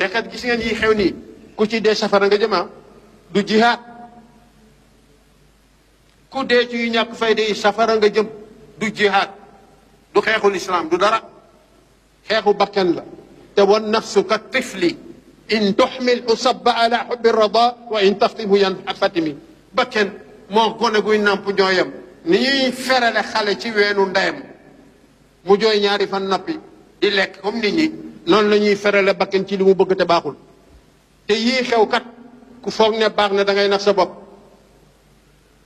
te kat gis ngeen yi xew nii ku ci dee safara nga jëmaa ah, du jihaat ku dee ci safara nga jëm du jihaat du xeexul islaam du dara xeexu bakkan la te wan nafsu ka tifli in tuxmil usabba ala xubbi rada wa in taftimhu yan fatimi bakken moo gone guy nàmp ñooyam ni ñuy ferale xale ci weenu ndeyam mu jooy ñaari fan nappi di lekk comme nit ñi noonu la ñuy ferale bakkan ci li mu bëgg te baaxul te yii xew kat ku foog ne baax na dangay nax sa bopp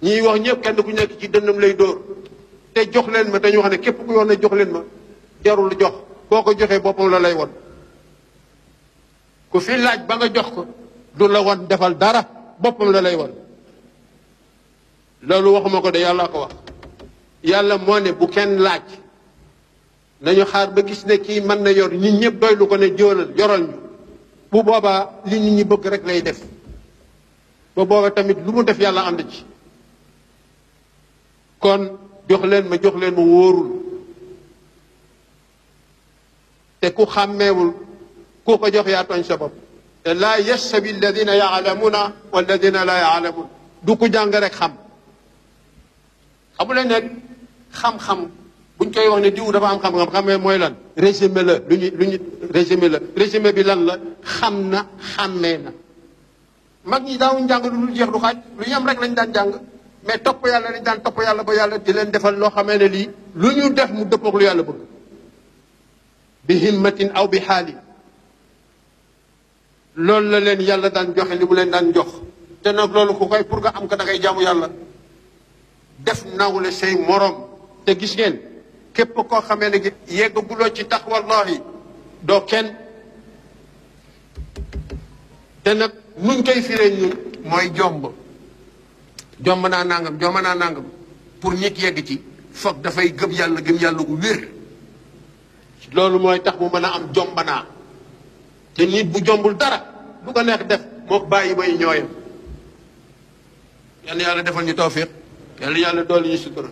ñiy wax ñëpp kenn ku nekk ci dënnam lay dóor te jox leen ma dañu wax ne képp ku yoon ne jox leen ma jarul jox boo ko joxee boppam la lay won ku fi laaj ba nga jox ko du la won defal dara boppam la lay won loolu waxuma ko de yàlla ko wax yàlla moo ne bu kenn laaj nañu xaar ba gis ne kii mën na yor ñi ñëpp doy lu ko ne jóolal yoral ñu bu boobaa li ñu ñi bëgg rek lay def ba booba tamit lu mu def yàlla ànd ci kon jox leen ma jox leen ma wóorul te ku xàmmeewul ku ko jox yaa tooñ sa bopp te laa yastawi alladina yaalamuuna walladina laa yaalamuun du ku jàng rek xam xamu leen ne xam-xam buñ koy wax ne diw dafa am xam-xam mooy lan résumé la lu ñu lu ñu résumé la résumé bi lan la xam na xàmmee na mag ñi daawuñ jàng lu jeex lu xaaj lu ñu am rek lañ daan jàng mais topp yàlla lañ daan topp yàlla ba yàlla di leen defal loo xamee ne lii lu ñu def mu dëppoog lu yàlla bëgg bi himmatin aw bi xaali loolu la leen yàlla daan joxe li mu leen daan jox te nag loolu ku koy pour nga am ko da ngay jaamu yàlla def nawle say morom te gis ngeen képp koo xamee ne yeggaguloo ci taxwallahi doo kenn te nag nuñ koy firee mooy jomb jomb naa nangam jomb naa pour nit yegg ci foog dafay gëm yàlla gëm yàlla gu loolu mooy tax mu mën a am jomb te nit bu jombul dara bu ko neex def moo bàyyi may ñooyam yàlla yàlla defal ñu tawfiq yàlla yàlla dool ñu sutura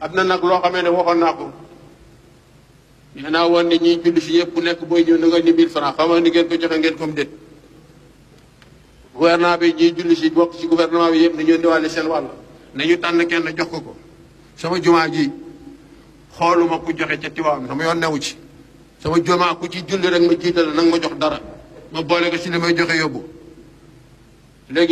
am na nag loo xamee ne waxoon naa ko nee naa woon ne ñiy julli fi yëpp ku nekk booy ñëw na nga ni mille francs xamal ni ngeen ko joxe ngeen comme dét gouvernement bi ñiy julli si bokk ci gouvernement bi yëpp nañu indiwaale seen wàll nañu tànn kenn jox ko ko sama jumaa ji xooluma ku joxe ca tiwaam sama yoon newu ci sama jumaa ku ci julli rek ma jiital nag ma jox dara ma boole ko si li may joxe yóbbu léegi